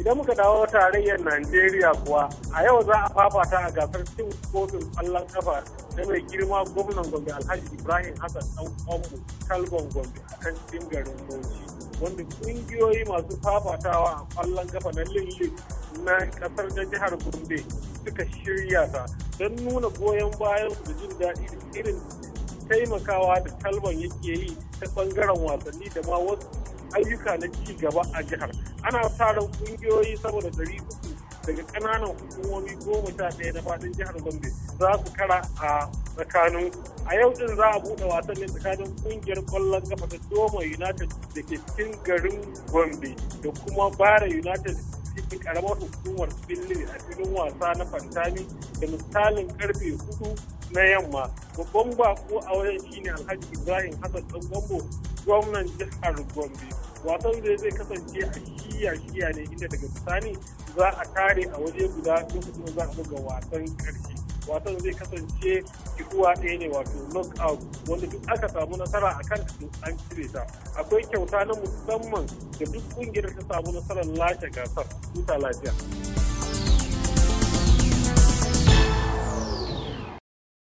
Idan muka dawo tarayyar Najeriya kuwa a yau za a fafata a gasar cin kofin ƙwallon kafa da mai girma gwamnan Gombe Alhaji Ibrahim Hassan ɗan ƙwanmu Kalgon Gombe a kan cikin garin Bauchi. Wanda ƙungiyoyi masu fafatawa a ƙwallon kafa na Lille na ƙasar da jihar Gombe suka shirya ta don nuna goyon bayan da jin daɗi da irin taimakawa da kalban yake yi ta ɓangaren wasanni da ma wasu ayyuka na ci gaba a jihar ana sa ran kungiyoyi saboda dari uku daga kananan hukumomi goma sha ɗaya na fadin jihar gombe za su kara a tsakanin a yau din za a buɗe wasan ne tsakanin ƙungiyar kwallon kafa ta doma united da ke cikin garin gombe da kuma bara united cikin karamar hukumar Spille a filin wasa na Fantami da misalin karfe hudu na yamma. Babban bako a wajen shine Alhaji Ibrahim Hassan Dan Gombo gwamnan jihar Gombe. Wasan da zai kasance a shiya shiya ne inda daga bisani za a kare a waje guda lokacin za a buga wasan karfe wasan zai kasance kihuwa ɗaya ne wato out wanda duk aka samu nasara a kan an cire ta akwai kyauta na musamman da duk ƙungiyar ta samu nasarar lashe gasar tuta lafiya.